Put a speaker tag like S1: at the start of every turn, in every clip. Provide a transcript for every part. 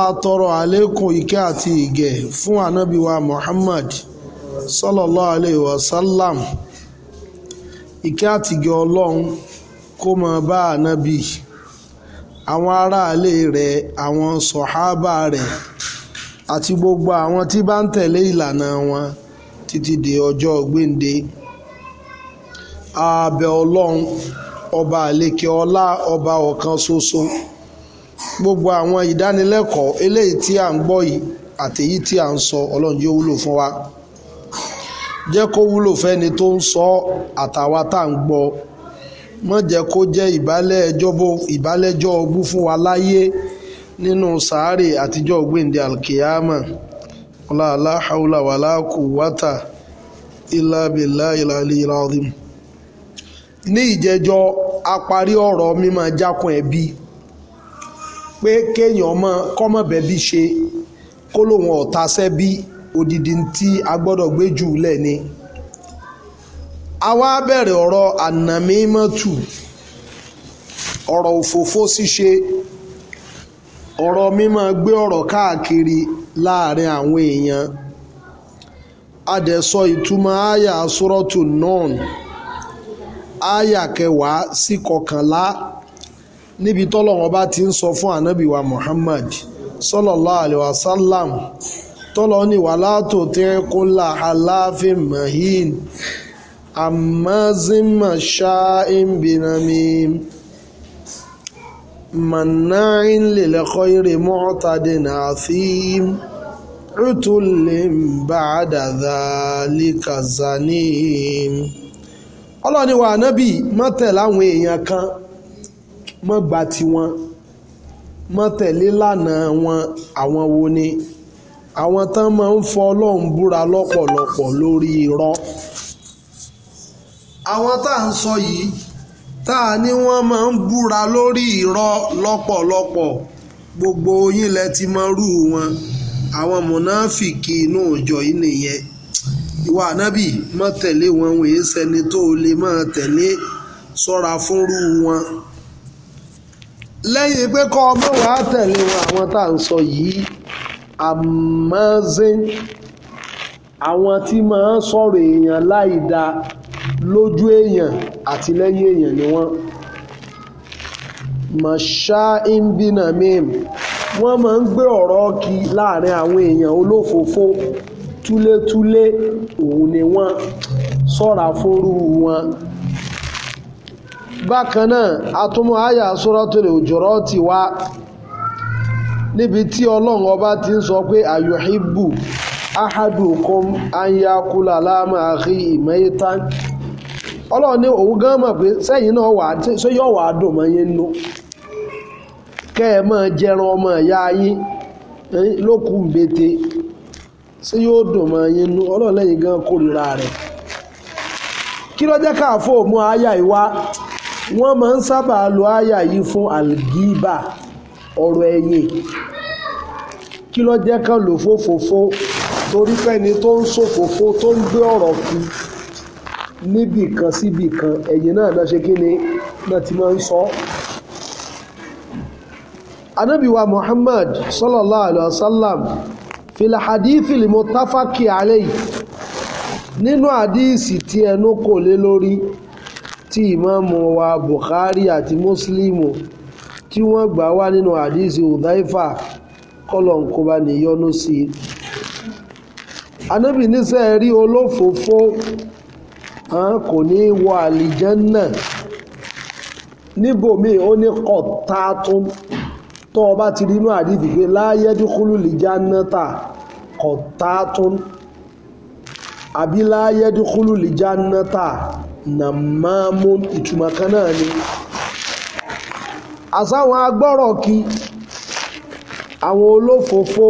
S1: àtọrọ àlékún ìkẹ́ àti ìgẹ̀ fún ànábìwá Muhammad sallallahu alayhi wa Ike ìkẹ́ àti ìgẹ̀ ọlọ́run kó máa bá ànábì àwọn awọn rẹ̀ àwọn sọ̀hábà rẹ̀ àti gbogbo àwọn tí bá ń tẹ̀lé ìlànà wọn títí di ọjọ́ gbéǹde ààbẹ̀ ọlọ́run ọba àlékè ọlá ọba ọ̀kan ṣoṣo. gbogbo àwọn ìdánilẹ́kọ̀ọ́ eléyìí tí à ń gbọ́ yìí àtèyí tí à ń sọ ọlọ́run yóò wúlò fún wa jẹ́ kó wúlò fẹ́ni tó ń sọ àtàwa tá à ń gbọ́ mọ́ jẹ́ kó jẹ́ ìbálẹ́jọ́ ọgbú fún wa láyé nínú sàárè àtijọ́ gbèǹde alkiyama ọláàlá haúlá wàlá kùwátà ilá bìlá ìlàlí ìlàdìm ní ìjẹjọ́ a parí ọ̀rọ̀ mímọ́ jákun ẹbí pé kéèyàn ọmọ kọ́mọ̀bẹ́bí ṣe kó lóun ọ̀tá sẹ́bí odidi tí a gbọ́dọ̀ gbé jù lẹ̀ ni. a wá bẹ̀rẹ̀ ọ̀rọ̀ ànàmímọ́tù ọ̀rọ̀ òfófó ṣíṣe ọ̀rọ̀ mímọ́ gbé ọ̀rọ̀ káàkiri láàrin àwọn èèyàn adẹ̀sọ ìtumọ̀ àyà sọ́rọ́tù náà àyà kẹwàá sí kọkànlá. Si níbi tọ́lọ́wọ́n bá ti ń sọ fún ànábì wa Muhammad sallallahu alaihi wasallam tọ́lọ́ ní wala tuti kulla halafin mahin hamazin masha'in binamim manna'in lil khayri mu'tadin athim utulim ba'da dhalika zanim ọlọ́ni wa ànábì má tẹ̀lé èèyàn kan mọ́ gba tiwọn mọ́ tẹ̀lé lánàá wọn àwọn wo ni àwọn tán máa ń fọ ọlọ́run búra lọ́pọ̀lọpọ̀ lórí irọ́ àwọn tá à ń sọ yìí tá a ní wọ́n máa ń búra lórí irọ́ lọ́pọ̀lọpọ̀ gbogbo yín lẹ ti mọ rú wọn àwọn mọ̀náfìkì inú ìjọ yìí nìyẹn ìwà ànábì mọ́ tẹ̀lé wọn wòye sẹ́ni tó lè máa tẹ̀lé sọ́ra fúnrú wọn lẹ́yìn pé kọ́ ọmọ wàá tẹ̀lé wọn àwọn tá à ń sọ yìí àmọ́zín àwọn tí máa ń sọ̀rọ̀ èèyàn láì lójú èèyàn àti lẹ́yìn èèyàn ni wọ́n mọ̀ṣá ìbínà mím wọ́n máa ń gbé ọ̀rọ̀ kí láàrin àwọn èèyàn olófòófó túlétúlé òun ni wọ́n sọ̀ra fórú wọn bákan náà atúmọ̀ àyà Suratul Hujurati wá níbi tí ọlọ́run ọba ti ń sọ pé ayuhibbu ahadukum an yakula lahma akhihi maytan ọlọ́run ní òun gan mọ̀ pé sẹ́yìn náà wà ṣé yóò wà á dùn mọ́ yín nú kẹ́ jẹran ọmọ ìyá yín lókù mbete ṣé yóò dùn mọ́ yín nú ọlọ́run lẹ́yìn gan kórìíra rẹ̀ kí ló jẹ́ káàfó mú àyà ìwá wọ́n máa ń sábà lo àyà yìí fún algiba ọ̀rọ̀ ẹ̀yìn kí ló jẹ́ kán lò fófófó torí pẹ́ni tó ń ṣòfófó tó ń gbé ọ̀rọ̀ kú níbì kan síbì kan ẹ̀yìn náà náà ṣe kí ni náà ti máa ń sọ anábìwa Muhammad sallallahu alaihi wasallam fil hadithi nínú àdíìsì tí ẹnu kò lé lórí tí ìmáàmù wa Bukhari àti Muslimu tí wọ́n gbà wá nínú àdísì Udhaifa kọlọ̀nkọba níyọnú sí i anábì níṣẹ́ rí olófòófó kò ní wọ àlìjẹ́nnà níbòmíì ó ní kọ̀tátún tó ọba ti rí inú àdísì pé láyé dúkúlù lìjánnátà kọ̀tátún àbí láyé dúkúlù lìjánnátà na mammon ìtumọ̀ kan náà ni àsáwọn agbọ́rọ̀ kí àwọn olófòófó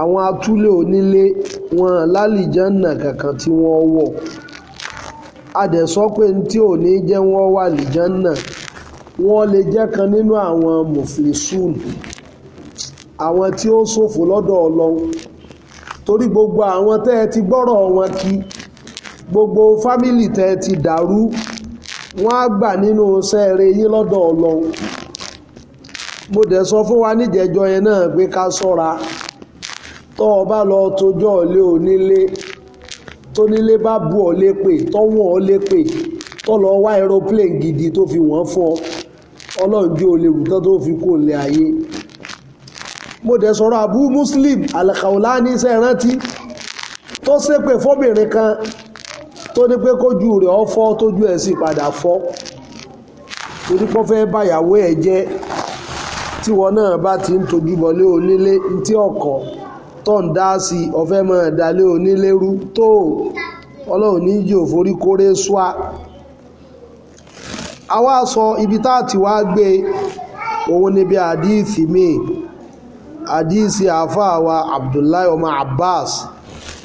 S1: àwọn atúlé onílé wọn lálìjánà kankan ti wọ́n wọ̀ adẹ̀sọ́ pé tí ò ní jẹ́ wọ́n wà lìjánà le lè jẹ́ kan nínú awọn muflisun Awọn tí o sofo lọdọ ọlọ́run torí gbogbo awọn tẹ́ ti gbọrọ wọn ki? gbogbo fámìlì tẹ́ ti dàrú wọ́n á gbà nínú sẹ́ẹ̀rẹ̀ yín lọ́dọ̀ ọlọ́run mo dẹ̀ sọ fún wa níjẹ̀jọ́ yẹn náà pé ká sọ́ra tọ́ ọ bá lọ tójọ́ ilé onílé tónílé bá bú ọ lépè tọ́wọ́n ọ lépè tọ́ lọ wá aeroplane gidi tó fi wọ́n fún ọ ọlọ́run jí o lè rù tán tó fi kó lè ayé mo dẹ̀ sọ̀rọ̀ Abu Muslim Al-Khawlani sẹ́ẹ̀rántí tó ṣépè fọ́bìnrin kan tó ní pé kójú rẹ̀ ọ fọ́ tójú ẹ̀ sì padà fọ́ torí pọ́ fẹ́ báyàwó ẹ̀ jẹ́ tíwọ náà bá ti ń tojú bọlé onílé ntí ọkọ̀ tó ń dá sí ọ̀fẹ́ máa dalé onílé rú tó ọlọ́run ní yí òforí kórè ṣúà àwa sọ ibi tá a ti wá gbé òun níbi àdíìsì míì àdíìsì àáfàá wa Abdullahi ọmọ Abbas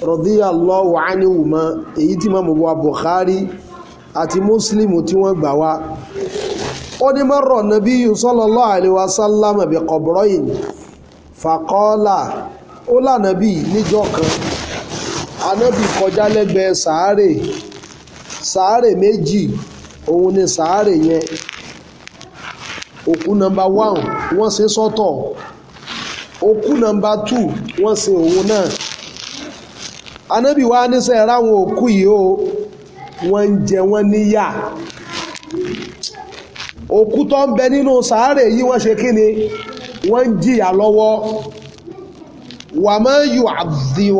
S1: radiyallahu anhuma èyí tí mọ́mọ́ wa Bukhari àti Muslim tí wọ́n gbà wá ó ní mọ́rọ̀ nàbí sallallahu alaihi wasallam bi qabrayn faqala ó lànàbí níjọ́ kan anábì kọjá lẹ́gbẹ̀ẹ́ sàárè sàárè méjì òun ni sàárè yẹn òkú nọmba one wọ́n ṣe sọ́tọ̀ òkú nọmba two wọ́n ṣe òun náà anábì wa níṣẹ́ ráwọn òkú yìí o wọ́n ń jẹ wọ́n níyà òkú tó ń bẹ nínú sàárè yìí wọ́n ṣe kí ni wọ́n ń jìyà lọ́wọ́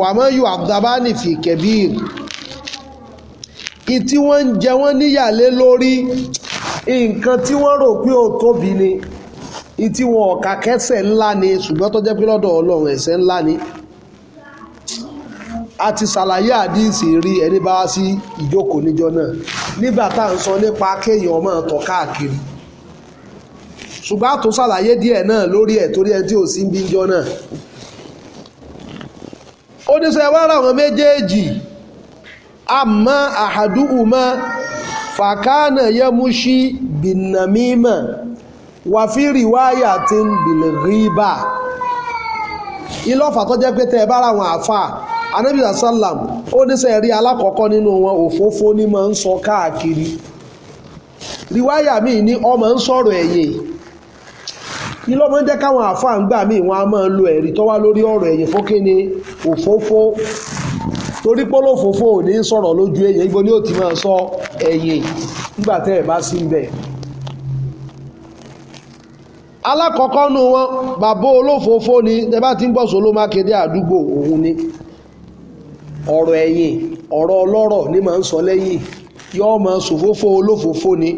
S1: wàmọ́ yù àdàbà nìfì kẹbíir ìtí wọ́n ń jẹ wọ́n níyà lé lórí nǹkan tí wọ́n rò pé ó tóbi ni ìtí wọn ọ̀ka kẹsẹ̀ ńlá ni ṣùgbọ́n tó jẹ́ pé lọ́dọ̀ ọlọ́run ẹ̀ṣẹ̀ ńlá ni. Iti a ti ṣàlàyé àdíìsì rí ẹni bá wá sí ìjókòó níjọ́ náà nígbà tá à ń sọ nípa kéèyàn ọmọ tọ̀ káàkiri ṣùgbọ́n àtún ṣàlàyé díẹ̀ náà lórí ẹ̀ torí ẹ tí ò sí bí jọ náà ó ní sọ ẹwà àwọn méjèèjì àmọ́ àhàdúhùmọ́ fàkánà yẹmúṣí bìnàmímọ̀ wàfíìrì wáyà tí ń bìlẹ̀ rí bá ìlọ́fà tó jẹ́ pé tẹ́ ẹ bá ra àwọn anabi sallam ó ní sẹ́ rí alákọ̀ọ́kọ́ nínú wọn òfófó ni máa ń sọ káàkiri riwaya mi ni ọmọ ń sọ̀rọ̀ ẹ̀yìn kí ló máa ń jẹ́ káwọn àáfàá ń gbà mí wọn a máa lo ẹ̀rí tó wá lórí ọ̀rọ̀ ẹ̀yìn fún kíni òfófó torí pọ́lọ́ òfófó ò ní sọ̀rọ̀ lójú ẹ̀yìn ibo ni ó ti máa sọ ẹ̀yìn nígbà tẹ́ ẹ̀ bá sí ibẹ̀ alákọ̀ọ́kọ́ nu wọn bàbá olófófó ni ẹ bá ti ń gbọ́ sọ ló àdúgbò òun ni. ọ̀rọ̀ ẹ̀yìn ọ̀rọ̀ ọlọ́rọ̀ ni màá ń sọ lẹ́yìn yóò máa sòfófó olófòófó ni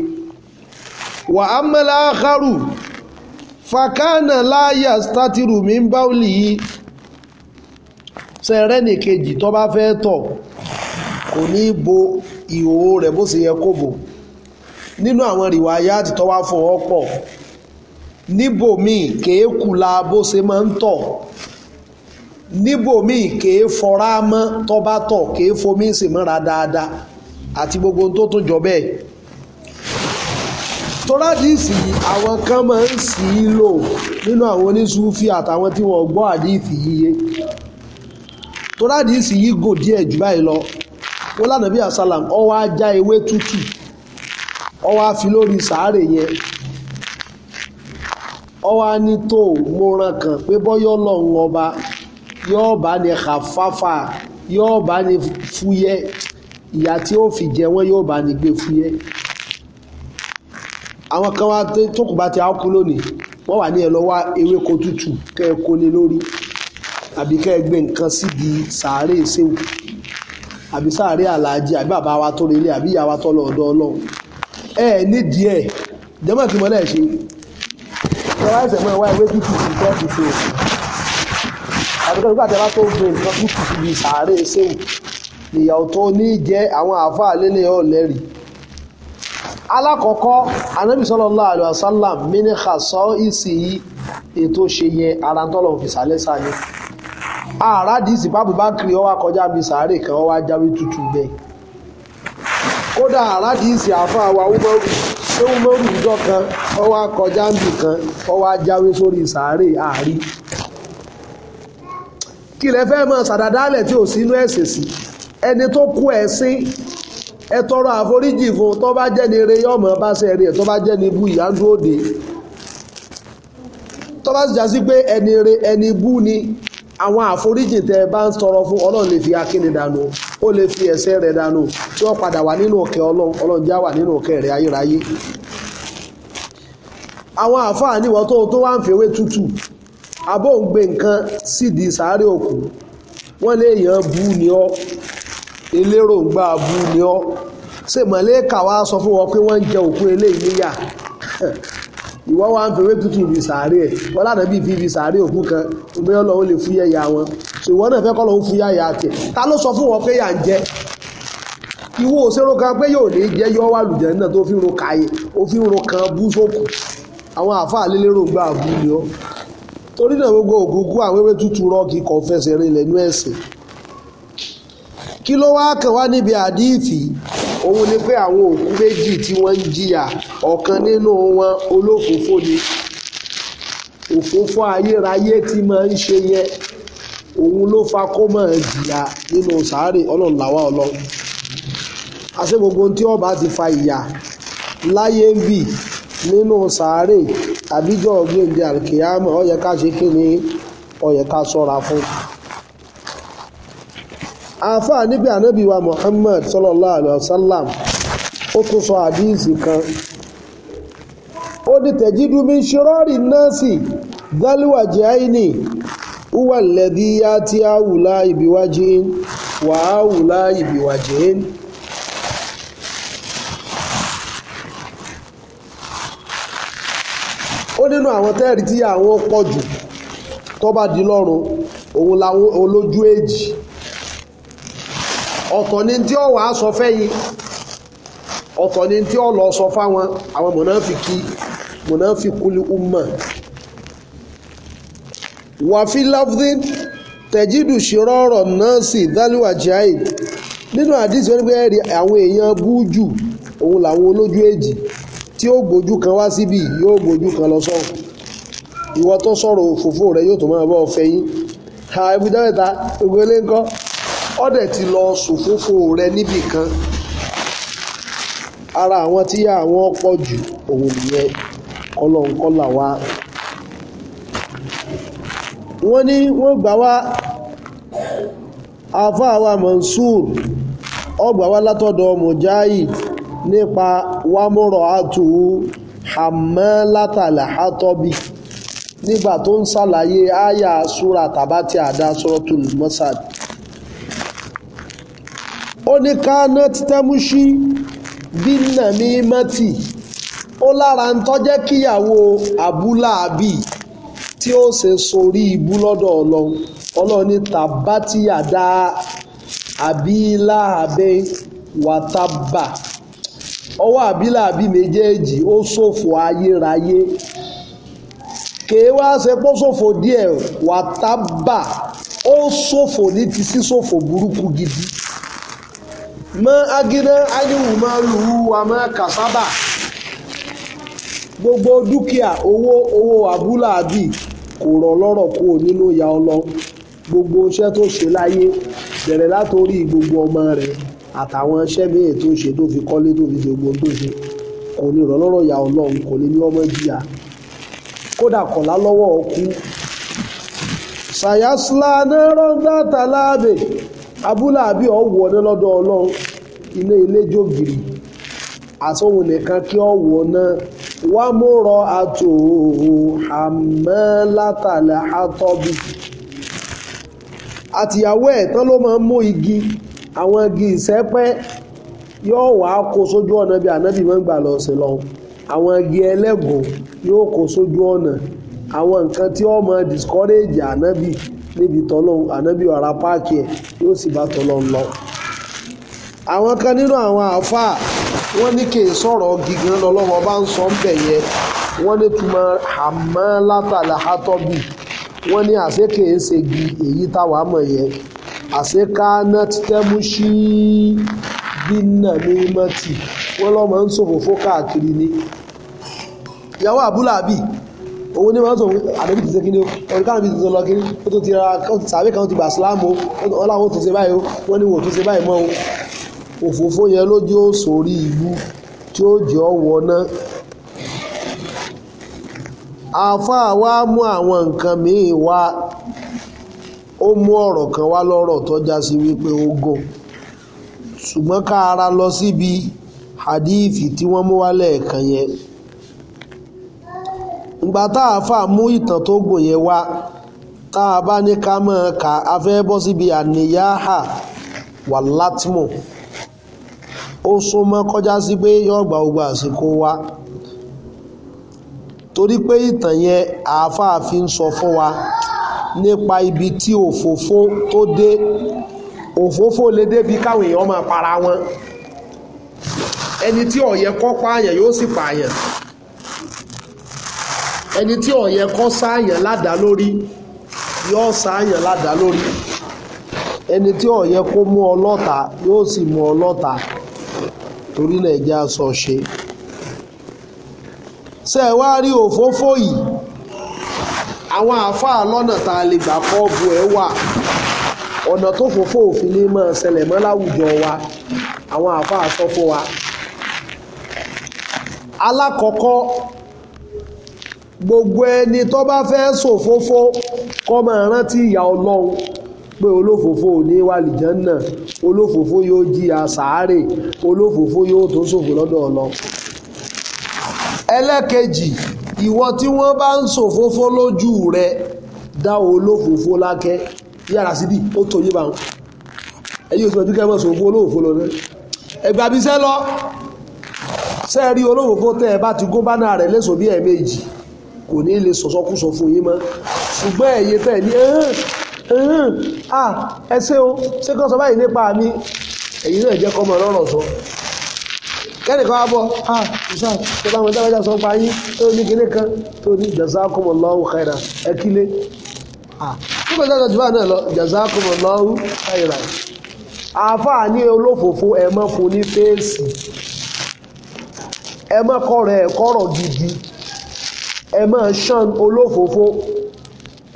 S1: wà á mẹ́lá àkàrù fàkánà láàyà státìrù mi ń bá òlì yìí sẹ́rẹ́ nìkejì tó bá fẹ́ tọ̀ ní bo ìhòòhò rẹ̀ bó ṣe yẹ kó bò nínú àwọn àti tọ́wá pọ̀ kéékù la bó ṣe máa níbòmí kèé fọra mọ́ tọ́ba tọ̀ kèé fomi sì mọ́ra dáadáa àti gbogbo tó tún jọ bẹ́ẹ̀ tọ́ládìsì yìí àwọn kan máa ń sì í lò nínú àwọn oníṣúfì àtàwọn tí wọ́n gbọ́ àdìsì yíye tọ́ládìsì yìí gò díẹ̀ jù báyìí lọ wọ́n lánàá bí ọwọ́ ajá ewé tútù ọwọ́ afi lórí sàárè yẹn ọwọ́ anító mo ràn pé bọ́yọ́ lọ́hùn ọba yóò bá ní kàfáfà yóò bá ní fúyẹ́ ìyà tí ó fi jẹ wọ́n yóò bá ní gbé fúyẹ́ àwọn kan wá tó kù bá ti ákú lónìí wọ́n wà ní ẹ̀ lọ́wọ́ ewéko tútù kẹ́ ẹ kó lé lórí àbí kẹ́ ẹ gbé nǹkan síbi sàárè ṣéwù àbí sàárè aláàjì àbí bàbá wa tó relé àbí ìyá wa tó lọ ọ̀dọ̀ ọlọ́run ẹ nídìí ẹ jẹ́mọ̀ tí mo lẹ́ ṣe ṣọlá ẹ̀sẹ̀ mọ́ ẹ wá ewé tútù sí ṣe òfin àbíkẹ́ nígbà tí a bá tó gbé nǹkan tó kù síbi sàárè sẹ́wù ìyàwó tó ní jẹ́ àwọn àáfàá lélẹ̀ ọ̀ lẹ́rì alákọ̀ọ́kọ́ anábì sallallahu alaihi wasallam mínìkà sọ ìsì yìí ètò ṣe yẹn ara tọ́lọ̀ fi sàlẹ̀ sáyé àràdìsì bábù bá kiri ọwá kọjá bí sàárè kan ọwá jáwé tútù bẹ́ẹ̀ kódà àràdìsì àfa wa umaru ṣé umaru ìjọ kan ọwá kọjá bí kan ọwá jáwé sórí sàárè àárí kí fẹ́ mọ sàdádálẹ̀ tí ò sínú ẹ̀sìn sí ẹni tó kú ẹ sí ẹ tọrọ àforíjì fún tó bá jẹ́ ni bá ṣe tó bá jẹ́ ni ibú ìyá dúró de tó bá sì já sí pé ẹni eré ẹni ibú ni àwọn àforíjì tẹ bá ń tọrọ fún ọlọ́run lè fi akíni dànù ó fi rẹ̀ dànù tí wọ́n padà wà nínú ọ̀kẹ́ abọ́ ń gbé nǹkan sídìí sáré òkú wọ́n léèyàn bú ni ọ́ eléròǹgbà bú ni ọ́ sèmọ̀lẹ́kà wa sọ fún wọn pé wọ́n ń jẹ òkú eléyìí níyà ìwọ́ wa ń fẹ́wé tútù ibi sàárè ẹ̀ wọ́n lànà bí ibi sàárè òkú kan omi ọlọ́run lè fúyẹ́ ya wọn ṣò ìwọ náà fẹ́ kọ́ lọ́hún fúyẹ́ ya tiẹ̀ ta ló sọ fún wọn pé yà ń jẹ ìwọ òṣèrò kan pé yóò ní jẹ́ yọ́ wà lùjẹ́ náà tó fi ń ro kàyè ó fi ń ro kan bú sókù àwọn àáfàá lélérògbà bú ni ọ́ torí náà gbogbo òkùnkùn àwẹ́wẹ́ tútù rọ́ọ̀kì kò fẹsẹ̀ rinlẹ̀ ní ẹ̀sìn kí ló wá kàn wá níbi àdíìtì òun ni pé àwọn òkú méjì tí wọ́n ń jìyà ọ̀kan nínú wọn olófòfó ni òfófó ayérayé tí máa ń ṣe yẹn òun ló fa kó máa jìyà nínú sàárè ọlọ́run làwa ọlọ́run àṣẹ gbogbo tí ọba ti fa ìyà láyé ń bì nínú sàárè àbíjọ́ gbèǹde àlùkìyàmọ̀ ó yẹ ká ṣe kí ni ó yẹ ká sọ́ra fún. àáfàá níbi ànábì wa Muhammad sallallahu alayhi wa sallam ó tún sọ àdíìsì kan ó ní tẹ̀jídú mi ṣọ́rọ́rì nọ́ọ̀sì dálíwàjẹ́ àìní wúwà lẹ́dí yá tí a wùlá ìbíwájẹ́ wàá wùlá nínú àwọn tẹ́ẹ̀rí tí àwọn pọ̀ jù tó bá di lọ́rùn òun làwọn olójú èjì ọ̀tọ̀ ni tí ó wàá sọ fẹ́yìn ọ̀tọ̀ ni tí ó sọ fáwọn àwọn mọ̀nàfíkì mọ̀nàfíkúlì umma wàfi lafdin tẹ̀jídù ṣírọ́ ọ̀rọ̀ náà sì dálíwà jihad nínú àdìsí wọn pé àwọn èèyàn bújù òun làwọn olójú èjì tí ó gbójú kan wá síbi yóò gbójú kan lọ sọ́hùn ìwọ tó sọ̀rọ̀ òfófó rẹ yóò tó máa bọ́ fẹ́yìn àwọn ibùdó mẹ́ta gbogbo ilé ń kọ́ ọ̀dẹ̀ ti lọ sòfófó rẹ níbì kan ara àwọn tí yá àwọn pọ̀ jù òun nìyẹn kọlọ̀ǹkọlà wa wọ́n ní wọ́n gbà wá àfáà wa Mansur ọgbà wá látọ̀dọ̀ Mujahid nípa wámúrọ̀ àtú hamalátàlá àtọ́bí nígbà tó ń ṣàlàyé àyà súra tàbátì àdá suratul masad ó ní káná títẹ́múṣí bí nàmí mẹ́tì ó lára ń tọ́jẹ́ kíyàwó àbúláàbí tí ó ṣe sórí ibú lọ́dọ̀ ọlọ́run ọlọ́run ní tàbátì àdá àbí láàbẹ̀ wàtábà ọwọ́ àbílàbí méjèèjì ó ṣòfò ayérayé kèé wá ṣe pọ́ ṣòfò díẹ̀ wà tábà ó ṣòfò ní ti síṣòfò burúkú gidi mọ́ agídá áníwù máa lù ú wa máa kàsábà gbogbo dúkìá owó owó àbúlàbí kò rọ̀ lọ́rọ̀ kú ò nínú ìyá ọlọ́ gbogbo iṣẹ́ tó ṣe láyé bẹ̀rẹ̀ látòrí gbogbo ọmọ rẹ̀ àtàwọn iṣẹ́ míì tó ṣe tó fi kọ́lé tó fi ṣe gbogbo tó ṣe kò ní ìrọ̀lọ́rọ̀ ìyá ọlọ́run kò ní ní ọmọ jìyà kódà kọ̀lá lọ́wọ́ ọkú sayasla nẹ́rọ́gbà tàlábẹ̀ abúláàbí ọ̀wọ́ ní lọ́dọ̀ ọlọ́run ilé iléjò gírì àsóhun nìkan kí ọ̀wọ́ náà wá múrọ̀ àtòhò àmọ́ látàlẹ̀ àtọ́bí àtìyàwó ẹ̀ tán ló máa ń mú igi àwọn igi ìsẹ́pẹ́ yóò wá kó sójú ọ̀nà bí ànábì máa ń gbà lọ sí lọ àwọn igi ẹlẹ́gùn yóò kó sójú ọ̀nà àwọn nǹkan tí ó máa discourage ànábì níbi tọ́lọ́hún ànábì ọ̀rá páàkì ẹ̀ yóò sì bá tọ́lọ́hún lọ. àwọn kan nínú àwọn àáfàá wọ́n ní kì í sọ̀rọ̀ gígan lọ́lọ́wọ́ bá ń sọ ń bẹ̀ yẹn wọ́n ní túmọ̀ àmọ́ látàlá hátọ́bì wọ́n ní àṣekèé ṣe gi èyí táwa mọ̀ yẹn àṣẹ kánát tẹ́múṣí bínà mímọ́tì wọ́n lọ́mọ ń ṣòfófó káàkiri ni ìyàwó àbúlàbí òun ní wọ́n tó àdébí ti ṣe kí ni ọdún káàdì ti lọ kí ó tó ti ra sàbí kan ti gbà sílámù ọláwọ́ tó ṣe báyìí wọ́n ní wò tó ṣe báyìí mọ́ o àfáà wa mú àwọn nǹkan míì wá ó mú ọ̀rọ̀ kan wá lọ́rọ̀ tó já sí wípé ó gùn ṣùgbọ́n ká ara lọ síbi hadithi tí wọ́n mú wá lẹ́ẹ̀kan yẹn ìgbà tá a fà mú ìtàn tó gùn yẹn wá tá a bá ní ká mọ̀ ká a fẹ́ bọ́ síbi àníyáhà wà látìmọ̀ ó súnmọ́ kọjá sí pé yóò gba àsìkò wa torí pé ìtàn yẹn àáfàá fi ń sọ fún wa. nípa ibi tí òfófó tó dé òfófó lè débi káwọn èèyàn máa para wọn ẹni tí ó yẹ kó pààyàn yóò sì pààyàn ẹni tí ó yẹ kó sáàyàn ládàá lórí yóò sáàyàn ládàá lórí ẹni tí ó yẹ kó mú ọlọ́ta yóò sì mú ọlọ́ta torí nàìjíríà sọ ṣe ṣe wá rí òfófó yìí àwọn àáfàá lọ́nà tá a lè gbà kọ́ bu ẹ̀ wà ọ̀nà tó fòfó òfin ní máa ṣẹlẹ̀ mọ́ láwùjọ wa àwọn àáfàá sọ fún wa. alákọ̀ọ́kọ́ gbogbo ẹni tó bá fẹ́ ṣòfófó kó máa rántí ìyà ọlọ́run pé olófòfó ò ní wà lìjẹ́ náà olófòfó yóò jìyà sàárè olófòfó yóò tó ṣòfò lọ́dọ̀ ọlọ́run ẹlẹ́kejì ìwọ tí wọ́n bá ń ṣòfófó lójú rẹ dá olófòfó lákẹ́ yàrá síbí ó tó yé bá wọn ẹ̀yìn òsì ọdún kẹ́mọ̀ ṣòfófó olófòfó lọ náà ẹgbà bí sẹ́ lọ sẹ́ rí olófòfó tẹ́ ẹ bá ti gó bánà rẹ̀ lẹ́sọ̀ bí ẹ̀ẹ̀mejì kò ní lè sọ̀sọ́kúsọ fún yín mọ́ ṣùgbọ́n ẹ̀yẹ tẹ̀ ní ẹ̀hán ẹ̀hán ẹ̀ṣẹ́ o ṣé kọ́ sọ báyìí nípa mi ẹ̀yìn náà jẹ́ kọ́mọ lọ́rọ̀ sọ kẹ́nìkan wá bọ̀ ah ìṣàn tó bá wọn dábàjá sọ pa yín tó ní kinní kan tó ní jazakumullahu khaira ẹ kílé ah nígbà tó jù báyìí náà khaira àáfàá ní olófòfó ẹ mọ́ fún ní fèèsì ẹ mọ́ kọ́rọ̀ ẹ kọ́rọ̀ gidi ẹ mọ́ ṣan olófòfó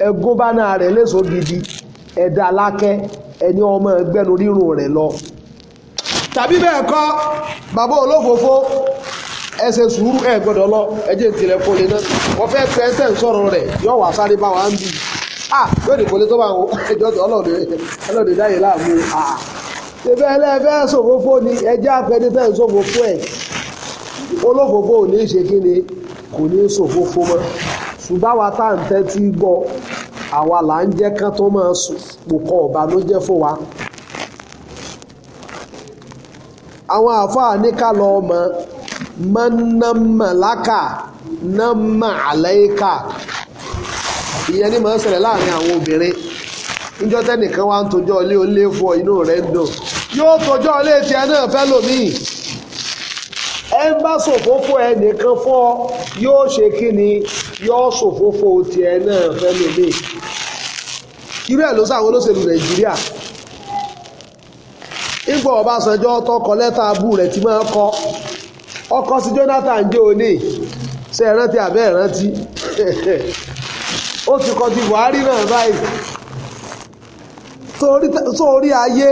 S1: ẹ gún bánà rẹ̀ léṣo gidi ẹ dá lákẹ́ ẹni ọmọ ẹgbẹ́nu rírun rẹ̀ lọ tàbí bẹ́ẹ̀ bàbá olófòófó ẹ ṣe sùúrù ẹ gbọ́dọ̀ lọ ẹjẹ́ ìtìlẹ̀ kò lè náà wọ́n fẹ́ pẹ́ ẹsẹ̀ ń sọ̀rọ̀ rẹ̀ yóò wá sáré bá wa ń bì ah yóò dìbò lé tó bá wọn ẹjọ́ tó ọlọ́ọ̀dẹ dáyé láàmú ah ṣẹfẹ́ ẹlẹ́fẹ́ ṣòfófó ni ẹjẹ́ àpẹẹdẹ tẹ̀ ń ṣòfófó ẹ̀ olófòófó ò ní ṣe kí ni kò ní ṣòfófó mọ́ ṣùgbọ́n wa tá à ń tẹ́tí gbọ́ àwa là ń jẹ́ kán tó máa pòkọ̀ ọ̀bànújẹ́ fún wa àwọn àáfàá ní ká lọ ọmọ mọ́nàmọ́láka nàmà àlẹ́ka ìyẹn ni màá ṣẹlẹ̀ láàrin àwọn obìnrin níjọ́ tẹ́nìkan wá ń tojọ́ ilé ó lé fún ọ inú rẹ̀ ń dùn yóò tojọ́ ilé tiẹ̀ náà fẹ́ lòmíì ẹ ń bá ṣòfófó ẹnìkan fọ́ yóò ṣe kí ni yóò ṣòfófó tiẹ̀ náà fẹ́ lòmíì irú ẹ̀ ló sáwọn olóṣèlú Nàìjíríà nígbà Ọbásanjọ́ tọkọ lẹ́tà abú rẹ̀ ti máa kọ ọkọ sí Jonathan jẹ́ òní ṣe rántí àbẹ́ rántí ó ti kọ ti Buhari náà báyìí sórí ayé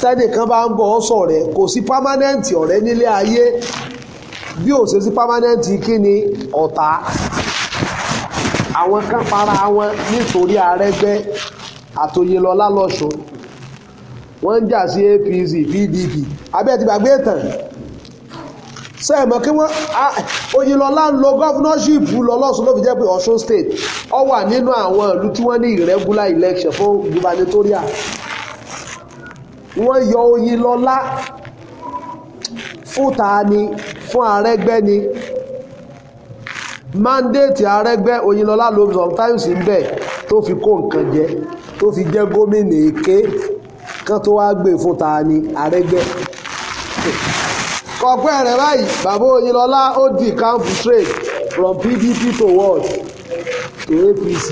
S1: tẹ́nìkan bá ń bọ̀ ọ́ sọ rẹ̀ kò sí pámánẹ́ǹtì ọ̀rẹ́ nílé ayé bí ò ṣe sí pámánẹ́ǹtì kí ni ọ̀tá àwọn kan para wọn nítorí Arẹ́gbẹ́ àtòyelọlá lọ́sùn wọ́n ń jà sí APC PDP abẹ́ ti gbàgbé ìtàn sẹ́ẹ̀mọ́ kí wọ́n Oyinlọ́lá ń lo governorship lọ́lọ́sùn ló fi jẹ́ pé Ọ̀ṣun state ó wà nínú àwọn ìlú tí wọ́n ní irregular election fún gubernatorial wọ́n yọ Oyinlọ́lá fún ta ni fún Arẹ́gbẹ́ ni mandate Arẹ́gbẹ́ Oyinlọ́lá ló sometimes ń bẹ̀ tó fi kó nǹkan jẹ tó fi jẹ́ gómìnà èké kán tó wá gbé fún ta ni àrẹ́gbẹ́ kọ̀pẹ́ rẹ̀ báyìí bàbá Oyinlọ́lá ó di camp straight from PDP to what to APC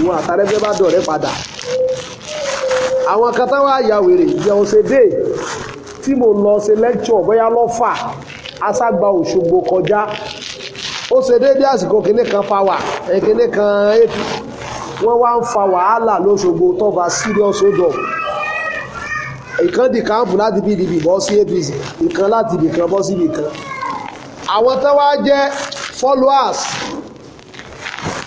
S1: ìwọ àtàrẹ́gbẹ́ bá dọ̀rẹ́ padà àwọn kan táwọn àyàwèrè ìjẹun ṣe dé tí mo lọ ṣe lecture bóyá lọ́fà aságba Òṣogbo kọjá ó ṣe déédé àsìkò kìnní kan fáwà kìnní kan wọ́n wá ń fa wàhálà lóṣogbo tó bá serious hold up ìkan di káàpù láti PDP bọ́ sí APC ìkan láti ibìkan bọ́ sí ibìkan àwọn tó wá jẹ́ followers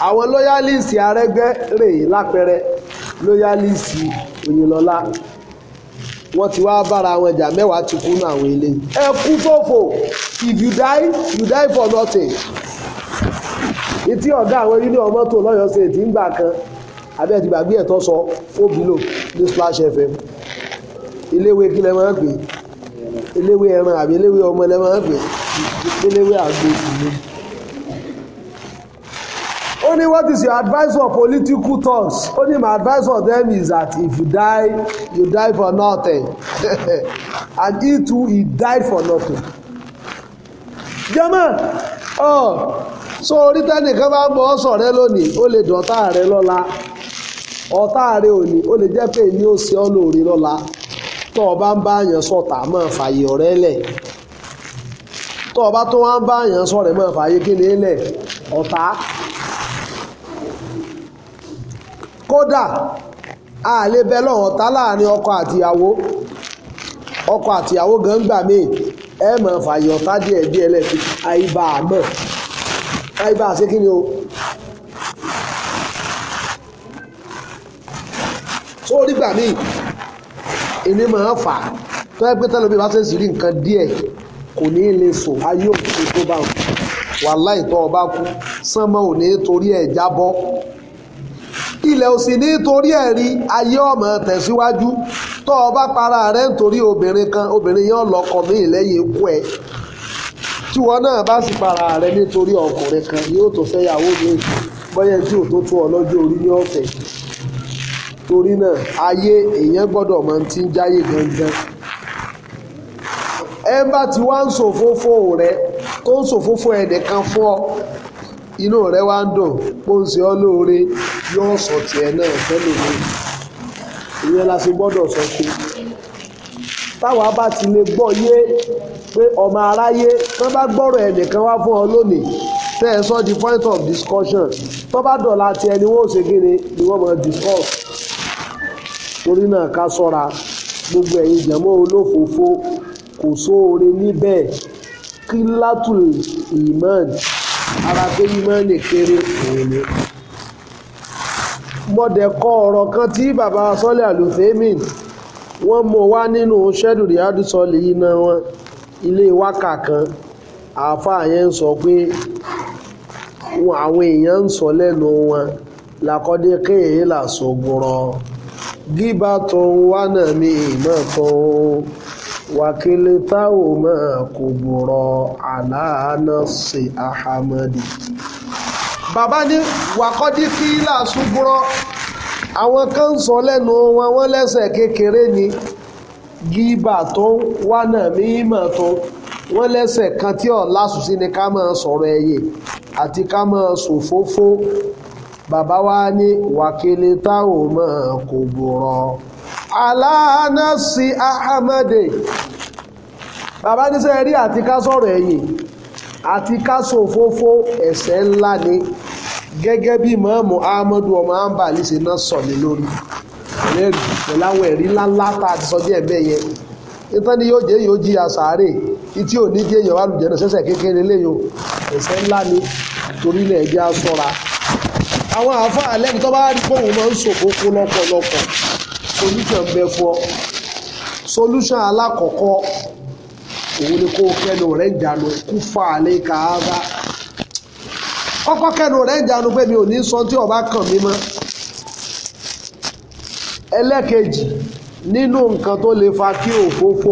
S1: àwọn loyalist Arẹ́gbẹ́ rèé lápẹẹrẹ loyalist Oyinlọ́lá wọ́n ti wá bára wọn jà mẹ́wàá ti kú ní àwọn ilé ẹ kú fòfò if you die you die for nothing etí ọ̀gá àwọn union mọ́tò lọ́yọ̀ọ́sẹ̀ tí ń gbà kan abẹ́ẹ̀ ti gbàgbé ẹ̀tọ́ sọ ó bìlò ní Splash FM eléwé kí lẹ máa pè eléwé ẹran àbí eléwé ọmọ lẹ máa pè eléwé àgbo ìlú. ó ní what is your advice for political thugs ó ní my advice for them is that if you die you die for nothing and he too he died for nothing. jama oh, so orí tẹnìkan bá ń bọ ọ sọ̀rẹ́ lónìí ó lè dọ̀tá rẹ lọ́la ọ̀tá rẹ òní ó lè jẹ́ pé ní ó ṣe ọ́ lóore lọ́la. tó ọba bá ń bá àyàn sọ̀tà máa fààyè ọ̀rẹ́ lẹ̀ tó o tó wá ń bá àyàn sọ̀rẹ́ máa fààyè kíni lẹ̀ ọ̀tá kódà a lè bẹ lọ́wọ́ ọ̀tá láàrin ọkọ àtìyàwó àtìyàwó míì ẹ máa fààyè ọ̀tá díẹ̀ o ilé máa fà á tó yẹ pé tẹ́lẹ̀ bí bá ṣe ń sì rí nǹkan díẹ̀ kò ní lè sùn ayé òkú tó bá wọn wàláì tó bá kú sánmọ ò ní torí ẹ̀ jábọ́ ilẹ̀ ò sì ní torí ẹ̀ rí ayé ọmọ tẹ̀síwájú tó bá para rẹ̀ nítorí obìnrin kan obìnrin yẹn lọ́kọ mí lẹ́yìn ikú ẹ̀ tí wọn náà bá sì para rẹ̀ nítorí ọkùnrin kan yóò tó fẹ́ yàwó mi bọ́yẹ tí ò tó tó ọ lọ́jọ́ orí ní ọ̀fẹ́ torí náà ayé èèyàn gbọ́dọ̀ mọ ti ń jáyé gangan ẹ bá ti wá ń ṣòfófó rẹ tó ń ṣòfófó ẹnìkan fún ọ inú rẹ wá ń dùn kó ń ṣe ọ lóore yóò sọ tiẹ̀ náà fẹ́lòmíì ìyẹn la ṣe gbọ́dọ̀ sọ pé táwa bá ti lè gbọ́ yé pé ọmọ aráyé tó bá gbọ́rọ̀ ẹnìkan wá fún ọ lónìí tẹ́ ẹ sọ di point of discussion tó bá dọ̀la tiẹ̀ ni wọ́n ò ṣe kí ni ni wọ́n discuss torí náà ká sọ́ra gbogbo ẹ̀yin jẹ̀mọ́ olófòófó kò sóore níbẹ̀ kí látùl iman ara pé iman kéré òun ni. mọ̀dẹ̀ kọ ọ̀rọ̀ kan tí bàbá sọ́lẹ̀ àlùfẹ́mìn wọ́n mọ̀ wá nínú ṣẹ́dùrì àdùsọ̀lẹ̀ yìí náà wọn ilé wákà kan àáfàá yẹn ń sọ pé àwọn èèyàn ń sọ lẹ́nu wọn làkọ́dé kéèyàn là sọ gbọ́rọ̀ gíba tó ń wánà mi ìmọ̀ tó ń wákìlì táwọn máa kò bùrọ̀ àlàánà sí ahamadi. bàbá ní wàkọ́dí kí làásù búrọ́ àwọn kan ń sọ lẹ́nu wọn wọ́n lẹ́sẹ̀ kékeré ni gíba tó ń wánà mi ìmọ̀ tó wọ́n lẹ́sẹ̀ kan tí ọ̀ lásùsí ni ká máa sọ̀rọ̀ ẹ̀yẹ àti ká máa sòfófó bàbá wa ní wákìlì táwọn mọ̀ kò bùrọ̀ aláàánásí ahamade bàbá níṣẹ́ rí àti ká sọ̀rọ̀ ẹ̀yìn àti ká sòfófó ẹ̀ṣẹ̀ ńlá ni gẹ́gẹ́ bí mọ́ọ̀mù ahmadu ọmọ ambali ṣe náà sọ̀ ní lórí lẹ́rù pẹ̀lú àwọn ẹ̀rí ńláńlá tá a ti sọ díẹ̀ bẹ́ẹ̀ yẹn nítorí ni yóò jẹ́ èèyàn jí àsáré tí ò jẹ́ èèyàn lùjẹ́ náà ṣẹ̀ṣẹ̀ kékeré léyò ẹ̀ṣẹ̀ ńlá ni torí ilẹ̀ ẹ̀jẹ̀ á sọ́ra àwọn àáfà alẹ́ tó bá rí pòun máa ń sòkókó lọ́pọ̀lọpọ̀ solution bẹ solution alákọ̀ọ́kọ́ òun ni kó kẹnu rẹ̀ jànú kú fà lé káàbá kọ́kọ́ kẹnu rẹ̀ jànú pé mi ò ní sọ tí ọba kàn mí mọ́ ẹlẹ́kejì nínú nǹkan tó lè fa kí òfófó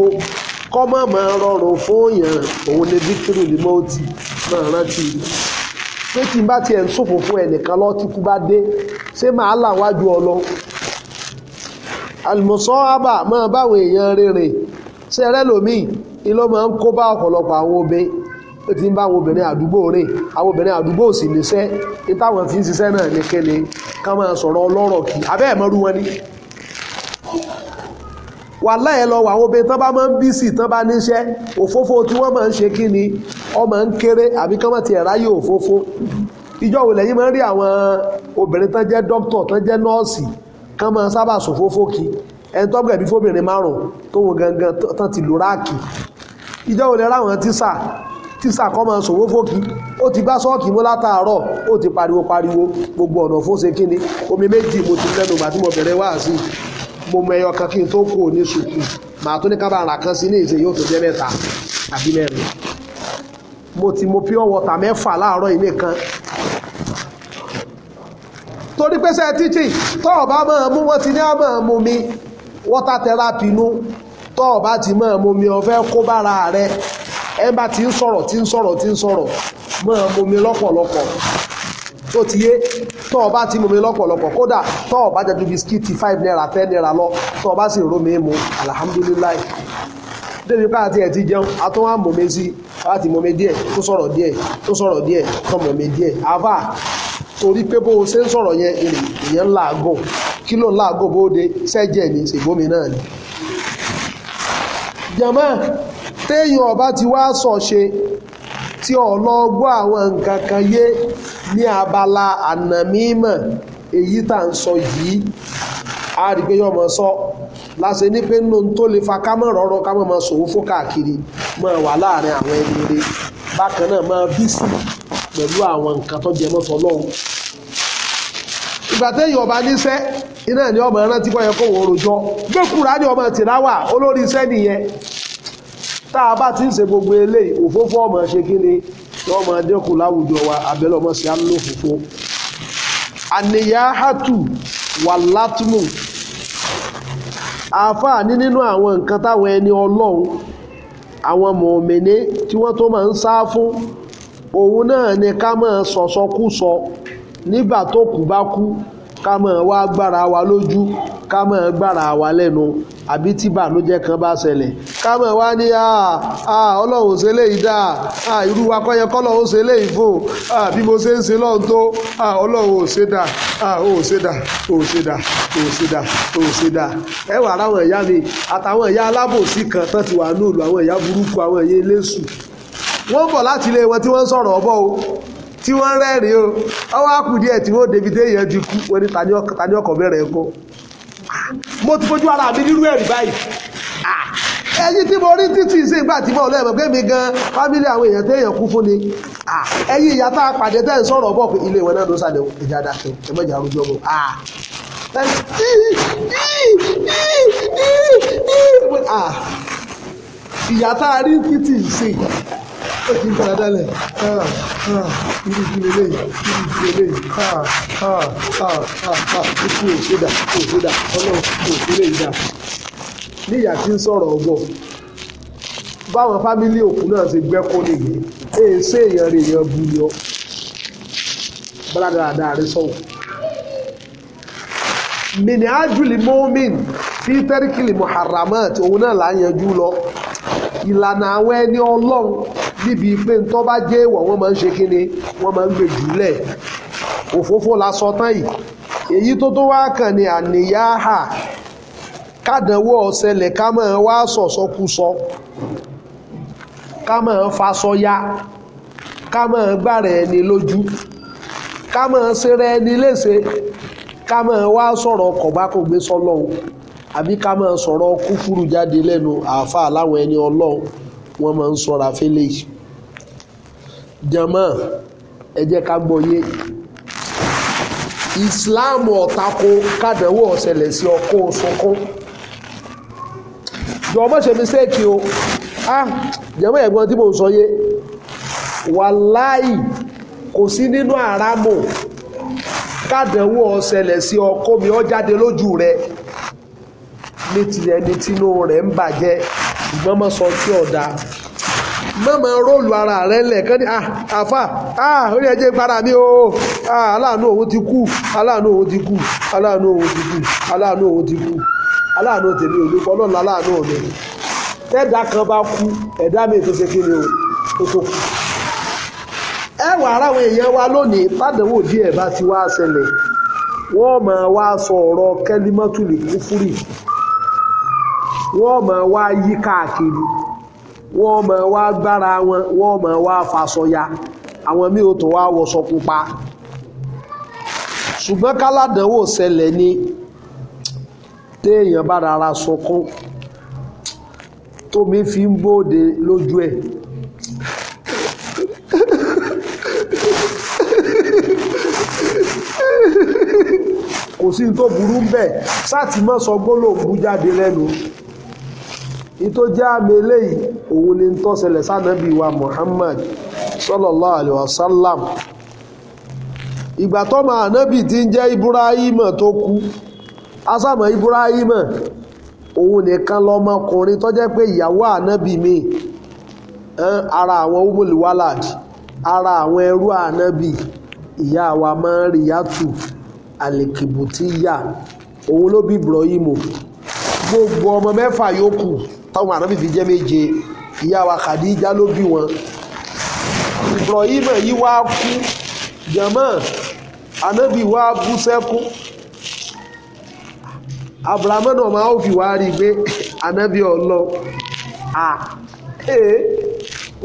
S1: kọ́ mọ̀ máa rọrùn fún èèyàn òun ni victory lè mọ́ ó ti máa rántí rẹ̀ pé tí n bá tiẹ̀ ń ṣòfò fún ẹnìkan lọ tí kú bá dé ṣé màá là wájú ọ lọ àlùmọ̀sọ́ábà máa báwọn èèyàn rere ṣe rẹ́ lòmíì ilé máa ń kó bá ọ̀pọ̀lọpọ̀ àwọn obìnrin ó ti ń bá àwọn obìnrin àdúgbò rìn àwọn obìnrin àdúgbò sì níṣẹ́ ní táwọn fi ń ṣiṣẹ́ náà ní kéle ká máa sọ̀rọ̀ ọlọ́rọ̀ kì abẹ́ẹ̀ wọn ni wàhálà ẹ lọ wà àwọn obìnrin tán bá máa ń bí sí tán bá níṣẹ́ òfófó tí wọ́n máa ń ṣe kí ni ọmọ ń kéré àbí kán mọ̀ tiẹ̀ ráyè òfófó ìjọ òwò lẹ́yìn máa ń rí àwọn obìnrin tán jẹ́ dókítọ̀ tán jẹ́ nọ́ọ̀sì kán máa sábà sòfófó kí ẹni tó gbẹ̀bí fóbìnrin márùn-ún tóun gangan tán ti lò ráàkì ìjọ òwò lẹ́rọ àwọn tíṣà tíṣà kọ́ máa sòwò fókì ó ti bá sọ́ọ̀kì mú látàárọ̀ ó ti pariwo pariwo gbogbo ọ̀nà fóṣe kíni mo mọ ẹyọ kan kí n tó kú ní sùkú màá tó ní ká bá ra kan sí ní ìṣe yóò tó jẹ́ mẹ́ta àbí mẹ́rin mo ti mu pure water mẹ́fà láàárọ̀ yìí nìkan torí pé sẹ́ẹ̀ tíjì tọ́ ọ̀bá máa mú wọ́n ti ní àmọ́ mu mi water therapy nu tọ́ ọ̀bá ti máa mu mi ọ̀fẹ́ kó bára rẹ ẹ bá ti ń sọ̀rọ̀ ti ń sọ̀rọ̀ ti ń sọ̀rọ̀ máa mu mi lọ́pọ̀lọpọ̀ tó ti yé tọ́ ọ bá ti mumi lọ́pọ̀lọpọ̀ kódà tọ́ ọ bá jẹ́jú bisikíìtì five naira ten naira lọ tọ́ ọ bá sì rómi mu alihamudulilayi débi ká àti ẹ̀ ti jẹun àtúnwá mumi sí láti mumi díẹ̀ tó sọ̀rọ̀ díẹ̀ tó sọ̀rọ̀ díẹ̀ tó mumi díẹ̀ àfà torí pé bó o ṣe ń sọ̀rọ̀ yẹn èrè ìyẹn làágùn kí ló làágùn bóde sẹ́jẹ̀ ní ṣègbómi náà ni. jama téèyàn ọba ti wá sọ ṣe tí ọlọ́gbọ́ àwọn nǹkan kan yé ní abala ànàmímọ̀ èyí tà ń sọ yìí a rí pé yọmọ sọ láṣẹ ní pé nínú tó lè fa kámọ̀ rọrùn kámọ̀ máa ṣòwò fún káàkiri máa wà láàrin àwọn ẹni rẹ bákan náà máa bí sí pẹ̀lú àwọn nǹkan tó jẹ mọ́tò ọlọ́run ìgbà téèyàn ọba níṣẹ́ iná ni ọmọ rántí kọ́ yẹ kó wọ́n rojọ́ gbẹ́kùrá ni ọmọ tìráwà olórí iṣẹ́ nìyẹn tá a bá ti ń ṣe gbogbo eléyìí òfófó ọmọ ṣe kí ni tí wọ́n máa dínkù láwùjọ wa abẹ́lẹ̀ ọmọ sí àlọ́ òfófó àníyáhátù wà látìmù àfáàní nínú àwọn nǹkan táwọn ẹni ọlọ́run àwọn mọ̀ọ́mẹ́ni tí wọ́n tó máa ń sá fún òun náà ni ká máa sọ̀sọkúsọ nígbà tó kù bá kú ká máa wá agbára wa lójú ká mọ̀ gbára wa lẹ́nu àbí tí bànújẹ́ kan bá ṣẹlẹ̀ ká mọ̀ wá ní à ọlọ́run ṣe léyìí dáa à irú wa kọ́ yẹ kọ́lọ́run ṣe léyìí fún à bí mo ṣe ń ṣe lọ́run tó à ọlọ́run ò ṣe dà à ò ṣe dà ò ṣe dà ò ṣe dà ò ṣe dà ẹ wà láwọn ìyá mi àtàwọn ìyá alábòsí kan tán ti wà ní òòlù àwọn ìyá burúkú àwọn ìyá eléṣù wọ́n bọ̀ láti ilé wọn tí wọ́n sọ̀rọ̀ ọbọ̀ tí wọ́n rẹ́rìn o ọwọ́ àkùdíẹ̀ tí wọ́n débi dé yẹn ti kú wọ́n ní tani ọkọ̀ bẹ̀rẹ̀ ẹ̀kọ́ mo ti fojú ara mi nírú ẹ̀rí báyìí ẹyin tí mo rí títì sí ìgbà tí mo lọ ẹ̀mọ̀ pé mi gan fámílì àwọn èèyàn tí èèyàn kú fún ni ẹyin ìyá tá a pàdé tẹ́ ń sọ̀rọ̀ bọ̀ pé ilé ìwé náà ló sálẹ̀ ìjà dàkẹ́ ẹ mọ̀jà àrùjọ mọ̀ ìyá tá a rí títì sí ó ti ń tara dálẹ̀ irú kí lélẹ̀ irú kí lélẹ̀ ikú òṣèdà òṣèdà ọlọ́run òṣèlè ìdá níyà tí ń sọ̀rọ̀ ọgbọ́ báwọn fámílì òkú náà ṣe gbẹ́kọ́ nìyí èyí ṣe èèyàn rè èèyàn bu yọ bálágàdà rẹ sọ̀wọ́ mìnìájúlì mọ́mìn fi tẹ́ríkìlì muharramat òun náà là ń yanjú lọ ìlànà àwọn ẹni ọlọ́run níbi pé ntọ́ bá jẹ́ èèwọ̀ wọ́n máa ń ṣe kíni wọ́n máa ń gbé jùlẹ̀ òfófó la sọ tán yìí èyí tó tó wá kàn ní àníyáhà kádànwó ọ̀sẹ̀lẹ̀ ká máa wá sọ̀sọ́kúsọ ká máa fasọya ká máa gbàrẹ̀ ẹni lójú ká máa ṣeré ẹni léṣe ká máa wá sọ̀rọ̀ kọ̀bákògbé sọ́lọ́hún àbí ká máa sọ̀rọ̀ kúfúrú jáde lẹ́nu àáfàá láwọn ẹni ọlọ́hun wọ́n máa ń sọ́ra fẹ́lẹ̀ yìí jama ẹ jẹ́ ká gbọ́ yé islam ọ̀tako kádẹ́wọ́ ọ̀sẹ̀lẹ̀ sí ọkọ̀ sọkún jọ ọmọ ṣe mistake o ah jama ẹ̀gbọ́n tí mo ń sọ yé wàláì kò sí nínú àràmù kádẹ́wọ́ ọ̀sẹ̀lẹ̀ sí ọkọ̀ mi ó jáde lójú rẹ̀ ní tirẹ̀ ní tinú rẹ̀ ń bàjẹ́ ṣùgbọ́n mọ́ sọ tí ọ̀dà mọ́mọ́ róòlù ara rẹ̀ lẹ̀ kán ní ah, àfà ah, orí ẹ̀jẹ̀ para mi o ah, aláàánú òun ti kú aláàánú òun ti kú aláàánú òun ti kú aláàánú òun ti kú aláàánú tèmi olùkọ́ náà láláàánú ọ̀dẹ tẹ́ẹ̀dá kan bá kú ẹ̀dá mi tó ṣe kí ni o tó tó kú. ẹ wà ara àwọn èèyàn wa lónìí bàdánwò díẹ̀ bá ti wá ṣẹlẹ̀ wọ́n máa wá sọ ọ̀rọ̀ kẹ́límọ́tùlì kúfúrì wọ́n máa wá yí káàkiri wọ́n máa wá gbára wọn wọ́n máa wá fasọya àwọn míì ò tó wá wọṣọ pupa ṣùgbọ́n káládánwò ṣẹlẹ̀ ni téèyàn bá rárá sọkún tómi fi ń bóde lójú ẹ̀ kò sí tó burú bẹ́ẹ̀ sátìmọ́ sọ gbólóògùn jáde lẹ́nu. ìtò jẹ́ àmì eléyìí òun ni tó sẹlẹ̀ sánàbí wa Muhammad sallallahu alaihi wasallam ìgbà tó máa nábì ti ń jẹ́ Ibrahima tó kú asámọ̀ Ibrahima òun nìkan lọ́mọkùnrin tó jẹ́ pé ìyàwó ànábì mi ara àwọn umuliwalad ara àwọn ẹrú ànábì ìyá wa máa ń rí yàtù àlèkìbùtì yà òun ló bí Ibrahima gbogbo ọmọ mẹ́fà yòókù táwọn ànábì fi jẹ́ méje ìyá wa Khadija ló bí wọn Ibrahim yìí wá kú jẹ̀mọ́ ànábì wá bú sẹ́kún Abrahamu náà máa ń fi wá rí i pé ànábì ọlọ à ee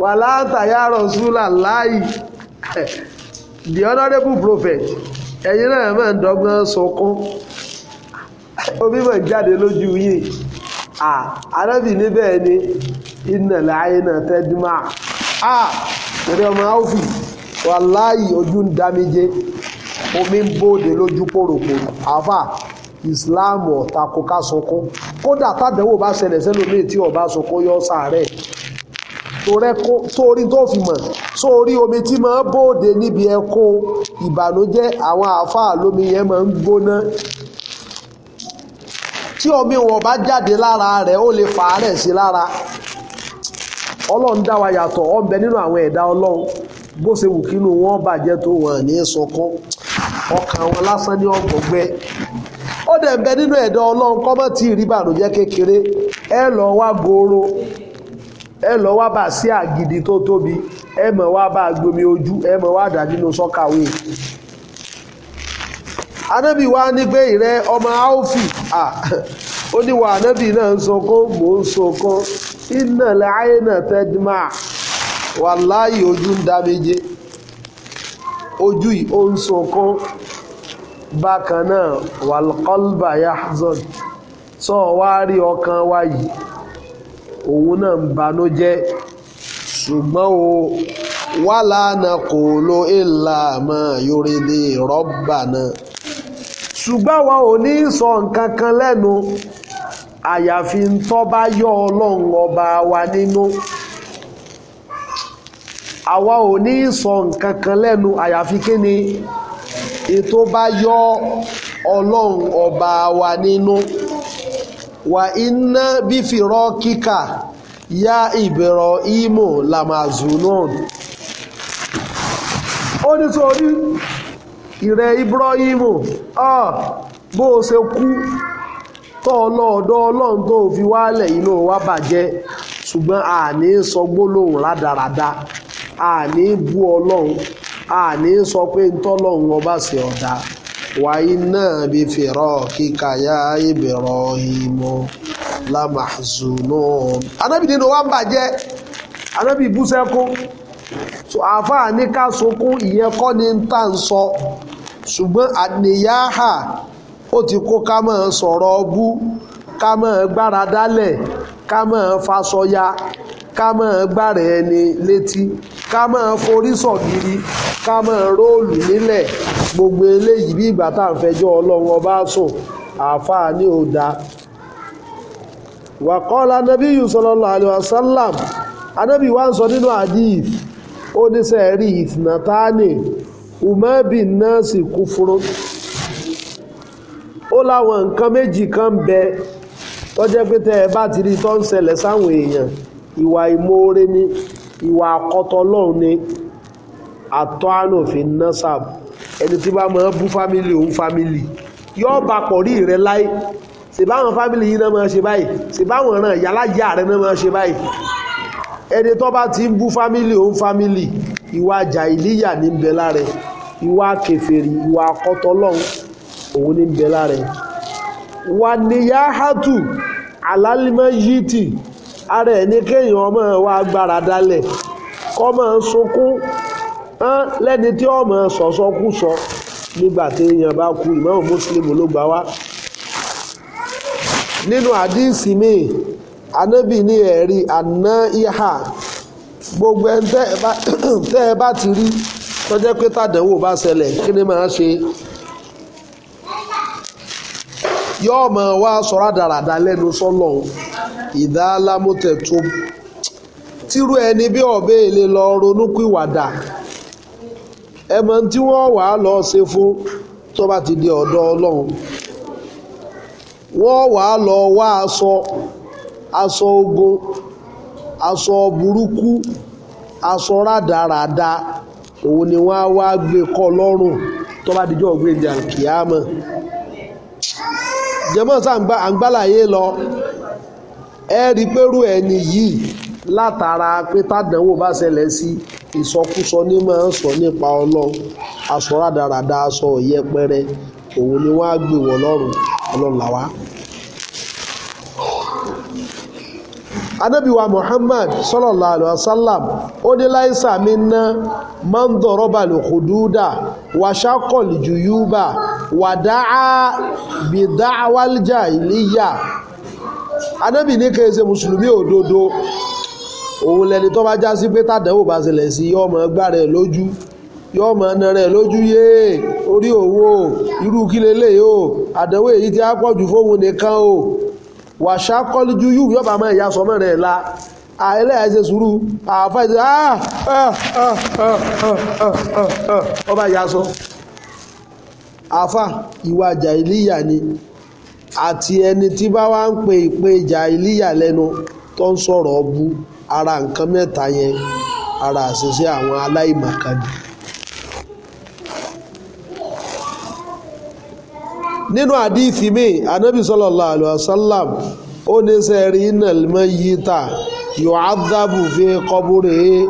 S1: wà látàyà rọ̀ṣúlà láàyè the honourable prophet ẹ̀yin náà máa ń dọ́gbọ́n sọkún omi máa ń jáde lójú yìí. A arábì níbẹ̀ ni iná láàyè náà a. A! à ọmọ áwùfì wàláyì ojú ń omi ń bóde lójú pòròpòrò àfà ìsìláàmù ọ̀tà ká sunkún kódà tàdánwò bá ṣẹlẹ̀ sẹ́lómi tí ọba sunkún yọ sàárẹ̀ tó fi mọ̀ sórí omi tí máa bóde níbi ẹkún ìbànújẹ́ àwọn lómi yẹn tí omi wọn bá jáde lára rẹ̀ ó lè fàárẹ̀ sí lára ọlọ́run dá wa yàtọ̀ nínú àwọn ẹ̀dá ọlọ́run bó ṣe wù kínú wọn bàjẹ́ tó wọn ní sọkún ọkàn wọn lásán ní ọgbọ̀gbẹ́ ó dẹ̀ bẹ nínú ẹ̀dá ọlọ́run tí goro ẹ lọ wá bá sí àgìdì tó tóbi gbomi ojú ẹ mọ̀ wá dà anábì wa ní pé ìrẹ́ ọmọ áófì ó ní wà anábì náà ń sọkún mò ń sọkún iná láàyè náà tẹ́dímà wà láàyè ojú ń dá méje ojú yìí ó ń sọkún bákan náà wà kọ́lbà yahzon sọ wá rí ọkàn wa yìí òun náà ń banújẹ́ ṣùgbọ́n o wàlá nàkó ló ìlà máa yorì rọ́bà náà ṣùgbọ́n wọn ò ní sọ nǹkan kan lẹ́nu àyàfi ń tọ́ bá yọ ọlọ́run ọba wa nínú àwa ò ní sọ nǹkan kan lẹ́nu àyàfi kí ni ètò bá yọ ọlọ́run ọba wa nínú wà iná bífìrọ́ kíkà yá ìbẹ̀rọ̀ imo lamazunun ó ní sọ orí ìrẹ Ibrahimu ah bó o ṣe kú tọ́ ọlọ́ọ̀dọ́ ọlọ́run tó fi wálẹ̀ inú wa bàjẹ́ ṣùgbọ́n a ní sọ gbólóhùn rádaràda a ní bú ọlọ́run a ní sọ pé ntọ́lọ́run ọba ṣe ọ̀dà wàyí náà bí fèrọ kíkà yá ìbẹ̀rọ ìmọ̀ lamahzunu. anábì nínú wa ń bàjẹ́ anábì bú sẹ́kún àfáà ní ká sunkún ìyẹn kọ́ ni ń tà ń sọ. So ṣùgbọ́n àníyáhà ó ti kó ká mọ̀ sọ̀rọ̀ ọbú ká mọ̀ gbára dálẹ̀ ká mọ̀ fasọya ká mọ̀ gbára ẹni létí ká mọ̀ forí sọ̀gìrì ká mọ̀ róòlù nílẹ̀ gbogbo eléyìí bí ìgbà tá à ń fẹjọ́ ọlọ́run ọba sùn àáfàá ní òda wàkọ́lá nàbí yùsọ̀lọ́lọ́ àlùwàsálàm anábì wá ń sọ nínú àdìf ó ní umabi nọ́ọ̀sì kúfúrú ó láwọn nǹkan méjì kan bẹ tó jẹ́ pé tẹ́ ẹ bá ti rí tó ń ṣẹlẹ̀ sáwọn èèyàn ìwà ìmoore ni ìwà àkọ́tọ̀ ọlọ́run ni àtọ́ ànòfin nasab ẹni tí bá máa bú fámìlì òun fámìlì yóò bá pọ̀ rí rẹ láì sì báwọn fámìlì yìí náà máa ṣe báyìí sì báwọn ọ̀ràn ìyálàyà rẹ náà máa ṣe báyìí ẹni tó bá ti ń bú fámìlì òun fámìlì ìwà jàìlíyà ní ń bẹ lára ẹ̀ ìwà kẹfẹ́rì ìwà akọ́tọ́lọ́hún òun ní ń bẹ lára ẹ̀ wà níyà hátù alálímọ́ yìí tì ara ẹ̀ ní kéèyàn ọmọ wa gbára dálẹ̀ kọ́ máa ń sunkún hàn lẹ́ni tí ọmọ sọ̀sọ́kùsọ nígbà téèyàn bá kú ìmọ̀ mùsùlùmí ló gbà wá nínú àdíìsì míì anábì ní ẹ̀rí àná ìhà gbogbo ẹni tẹ́ ẹ bá ti rí tọ́jẹ́ pé tàdánwò bá ṣẹlẹ̀ kí ni máa ṣe yóò máa wá sọ̀rọ̀ dáradá lẹ́nu sọ́lọ̀ ìdá alámútẹ̀tù tírú ẹni bí ọ̀bẹ èlé lọ ronúpìwàdà ẹmọ tí wọ́n wà á lọ ṣe fún tó bá ti di ọ̀dọ̀ ọlọ́run wọ́n wà á lọ wá aṣọ aṣọ ogun aṣọ burúkú aṣọ rádaràda òun ni wọ́n á wá gbé kọ́ lọ́rùn tó bá dijọ́ gbèjà kìámọ̀ jẹ́mọ́ sá àgbàláyé lọ ẹ rí pẹ́rù ẹni yìí látara pé tádánwò bá ṣẹlẹ̀ sí ìsọkúsọ ní máa ń sọ nípa ọlọ́run aṣọ rádaràda aṣọ yẹpẹrẹ òun ni wọ́n á gbé wọ̀ lọ́rùn ọlọ́run anábìwa muhammad sallallahu alaihi wasallam ó ní láìsà mi ná máa ń dọ̀rọ̀ balẹ̀ kòdúdà wàṣàkọ̀lì jùyúbà wàdáà bìdáwáljà ìlíyà anábì ní kèése mùsùlùmí òdodo òun lẹni tó bá já sí pé tàdánwò bá ṣẹlẹ̀ sí yọ́ ọmọ gbá rẹ̀ lójú yọ́ ọmọ ẹna rẹ̀ lójú yéè orí òwò irú kílélẹ́yìí o àdánwò èyí tí a pọ̀jù fóun nìkan o wàṣà kọ́líjú yóò yọba máa ìyá sọmọ rẹ̀ la àìlẹ́yà ṣe sùúrù àáfà ìṣe ọba ìyá sọ àáfà ìwà jàìlíyà ni àti ẹni tí bá wá ń pe ìpè jàìlíyà lẹ́nu tó ń sọ̀rọ̀ ọbu ara nǹkan mẹ́ta yẹn ara àṣẹṣe àwọn aláìmọ̀kan ni. nínú àdífì mi anábì sallallahu alaihi wasallam ó ní sẹ́rí innal mayyita yu'adhabu fi qabrihi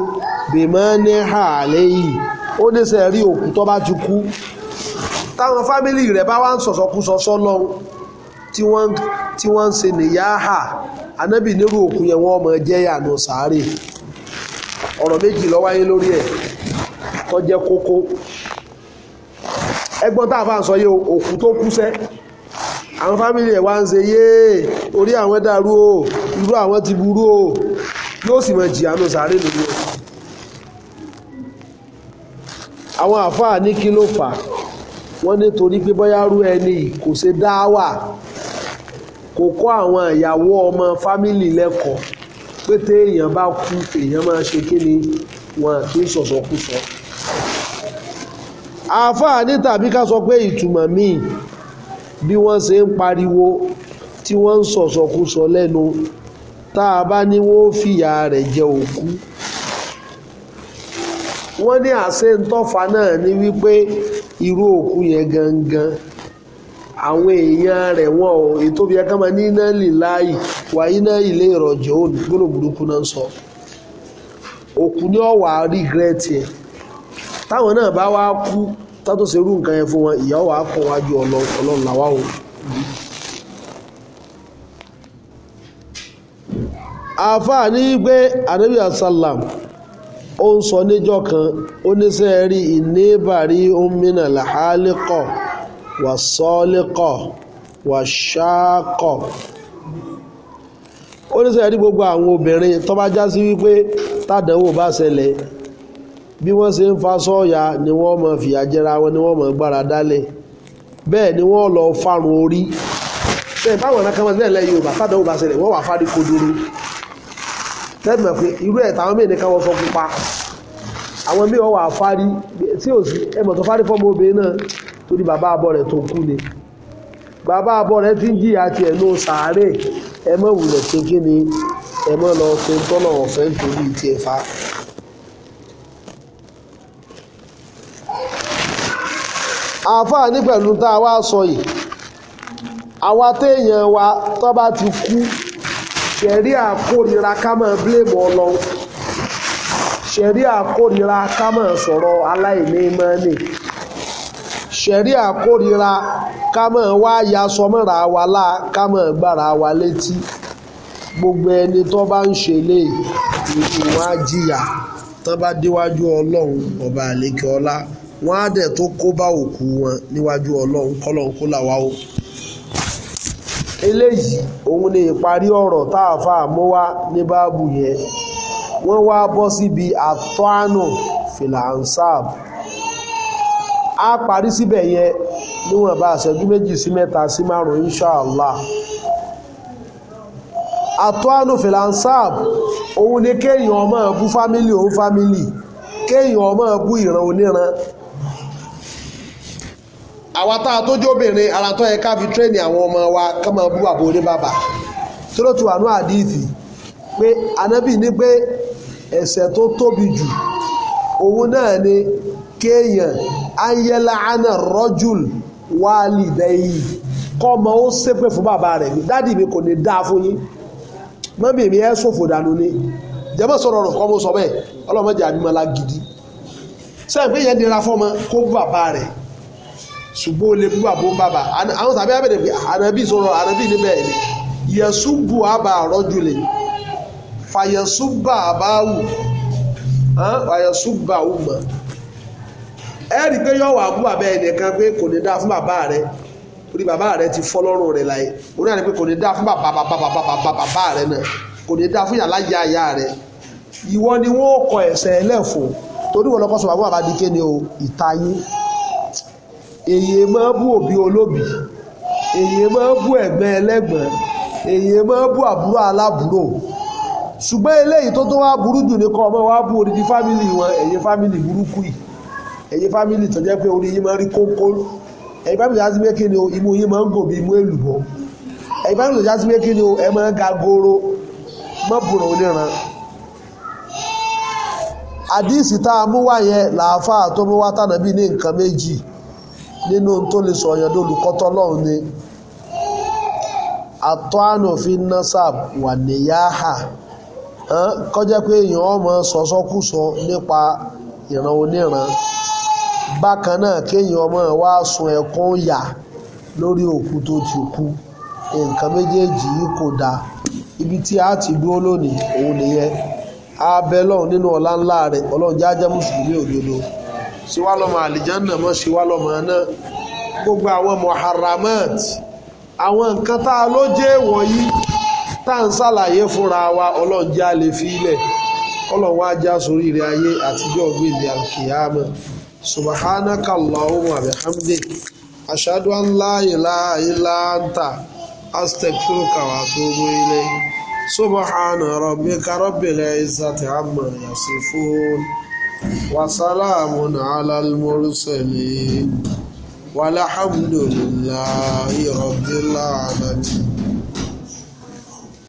S1: bima niha alayhi ó ní sẹ́rí òkú tó bá ti kú táwọn fámìlì rẹ̀ bá wá ń sọ̀sọ̀kúsọ sọ́lọ́hún tí wọ́n ń ṣe nìyáhà anábì nírú òkú yẹn wọ́n mọ̀ jẹ́ yànà sàárè ọ̀rọ̀ méjì ló lórí ẹ̀ tó kókó ẹgbọ́n tá a fà ń sọ yé o òkú tó kú sẹ́ àwọn fámìlì ẹ̀ wá ń ṣe yéè orí àwọn dàrú o irú àwọn ti burú o yóò sì mọ̀ jìyà nù sàárè lórí o àwọn àfáà ní kí ló fà wọ́n nítorí pé bóyá rú ẹni kò ṣe dáwà kò kọ́ àwọn ìyàwó ọmọ fámìlì lẹ́kọ̀ọ́ pé téèyàn bá kú èèyàn máa ṣe kí ni wọn kì í sọ̀sọ̀kú sọ. So àáfàá ní tàbí ká sọ pé ìtumọ̀ míì bí wọ́n ṣe ń pariwo tí wọ́n ń sọ̀sọ̀kúsọ lẹ́nu tá a bá ní wọ́n fìyà rẹ̀ jẹ òkú wọ́n ní àṣẹ ńtọ́fà náà ní wípé irú òkú yẹn gangan àwọn èèyàn rẹ̀ wọ́n ò ètò bí ẹ̀ka máa ní iná lè láàyè wà iná ilé ìrọ̀jẹ̀ gbọ́dọ̀ burúkú náà sọ òkú ní ọ̀wà rígírẹ́tì ẹ̀ táwọn náà bá wá kú tátó ṣerú nǹkan yẹn fún wọn ìyàwó wa kọ̀ wájú ọlọ́run làwa o. àáfàá ní pé anabi asalam ó ń sọ níjọ́ kan ó ní sẹ́ẹ̀ rí ìníbàrí omina làhálíkọ̀ wàsọ́ọ́líkọ̀ wàṣáàkọ̀ ó ní sẹ́ẹ̀ rí gbogbo àwọn obìnrin tó bá já sí wípé tádànwò bá ṣẹlẹ̀ bí wọ́n ṣe ń fa sọ́ọ̀yà ni wọ́n mọ̀ fìyà jẹra wọn ni wọ́n mọ̀ gbára dálẹ̀ bẹ́ẹ̀ ni wọ́n lọ fárun orí bẹ́ẹ̀ báwọn ọ̀nà kan bẹ́ẹ̀ lẹ́yìn Yorùbá fádà Yorùbá ṣẹlẹ̀ wọ́n wà fárí kodoro tẹ́tùmọ̀ pé irú ẹ̀ táwọn mìíràn kan wọ́n sọ pupa àwọn mìíràn wà fárí tí ò sí ẹ̀mọ̀ tó fárí fọ́mọ obìnrin náà torí bàbá abọ́ rẹ̀ tó kú ni bàbá abọ́ rẹ̀ ti ń jìyà tiẹ̀ ní sàárè ẹ̀mọ̀ wùlẹ̀ ṣe kí ni ẹ̀mọ̀ lọ ṣe ń tọ́nà ọ̀fẹ́ nítorí tiẹ̀ fa àáfàá ní pẹ̀lú tá a wá sọ yìí àwa téèyàn wa tó bá ti kú ṣẹ̀rí àkórira ká máa bílèmù ọlọ́run ṣẹ̀rí àkórira ká máa sọ̀rọ̀ aláìní mọ́nì ṣẹ̀rí àkórira ká máa wá ya sọmọ́ra wa lá ká máa gbára wa létí gbogbo ẹni tó bá ń ṣe lé ìwọ̀n á tó bá déwájú ọlọ́run ọba àlékè ọlá wọ́n á dẹ̀ tó kó bá òkú wọn níwájú ọlọ́run kọ́lọ́run kó là o. eléyìí òun ni ìparí ọ̀rọ̀ tá a fà mọ́ wá ní báàbù yẹn wọ́n wá bọ́ síbi àtọ́nù filansab a parí síbẹ̀ yẹn níwọ̀n bá ṣẹ́jú méjì sí mẹ́ta sí márùn-ún inṣàlá àtọ́nù filansab òun ni kéèyàn ọmọ bú fámílì òun fámílì kéèyàn ọmọ bú ìran oníran àwa tá a tó jẹ́ obìnrin ara tó yẹ ká fi tírẹ́nì àwọn ọmọ wa ká máa bú bàbá oní bàbá tí ló ti wà ní àdìsí pé anábì ní pé ẹ̀ṣẹ̀ tó tóbi jù òun náà ni kéèyàn ayẹlẹ ana rọjùl wálì dẹ́yì kọ́mọ ó ṣépè fún bàbá rẹ̀ ní dádì mi kò ní dáa fún yín mọ́bì mi ẹ̀ ṣòfò dànù ni jẹ́mọ̀ sọ̀rọ̀ ọ̀rọ̀ kọ́ mo sọ bẹ́ẹ̀ ọlọ́mọdé àbímọ́lá gidi sẹ́yìn pé yẹn nira fọ́mọ kó bàbá rẹ̀ ṣùgbọ́n o lè bú àbó bàbá àwọn tàbí abẹ́rẹ́ pé ah, ànábì sọ̀rọ̀ ànábì níbẹ̀ ni yẹ̀sù bu àbá àrọ́julè fàyẹ̀sù bà bá wù fàyẹ̀sù bà wù mọ́ ẹ rí i pé yọ̀ wà bú àbẹ́ ẹnìkan pé kò ní dáa fún bàbá rẹ orí bàbá rẹ ti fọ́ lọ́rùn rẹ láyé orí àná pé kò ní dáa fún bàbá bàbá bàbá bàbá rẹ náà kò ní dáa fún yàrá yá yá rẹ ìwọ ni wọn kọ ẹsẹ ẹlẹfọ torí wọn lọkọ sọ bàbá bàbá di èyí máa bú òbí olóbì èyí máa bú ẹ̀gbọ́n ẹlẹ́gbọ́n èyí máa bú àbúrò alábúrò ṣùgbọ́n eléyìí tó tó wá burú jù ní wa bú odidi fámìlì wọn ẹ̀yin fámìlì burúkú yìí ẹ̀yin fámìlì tó jẹ́ pé orí yín máa rí kókó fámìlì yá sí pé kí ni o imú yín máa ń gòbí imú èlùbọ́ ẹ̀yin fámìlì yá sí pé kí ni o ẹ máa ń ga goro mọ́ bùrọ̀ oníran àdìsí tá a mú wá làáfàá tó mú wá tànàbí ní nǹkan nínú tó lè sọ ọ̀yàn olùkọ́tọ́ lọ́hùn ni àtọ́ànù fi nasab wà níyàáhà kọjá pé èèyàn ọmọ sọsọkúsọ nípa ìran oníran bákan náà kéèyàn ọmọ wa sun ẹkún yà lórí òkú tó ti kú nǹkan méjèèjì yìí kò dáa ibi tí a ti dúró lónìí òun nìyẹn abẹ́ lọ́hùn nínú ọlá ńlá rẹ̀ ọlọ́run jájá mùsùlùmí òdodo. ṣíwá lọ́mọ àlìjánà mọ́ ṣíwá lọ́mọ náà gbogbo àwọn muharramat àwọn nǹkan tá a ló jẹ́ wọ̀nyí tá à ń ṣàlàyé fúnra wa ọlọ́run jẹ́ a lè fi ilẹ̀ ọlọ́run wá já sórí rẹ̀ ayé àtijọ́ gbèdé alkiyama subhanaka allahumma wa bihamdik ashhadu an la ilaha illa anta astaghfiruka wa atubu ilayk subhana rabbika rabbil izzati amma yasifun. وسلام على المرسلين والحمد لله رب العالمين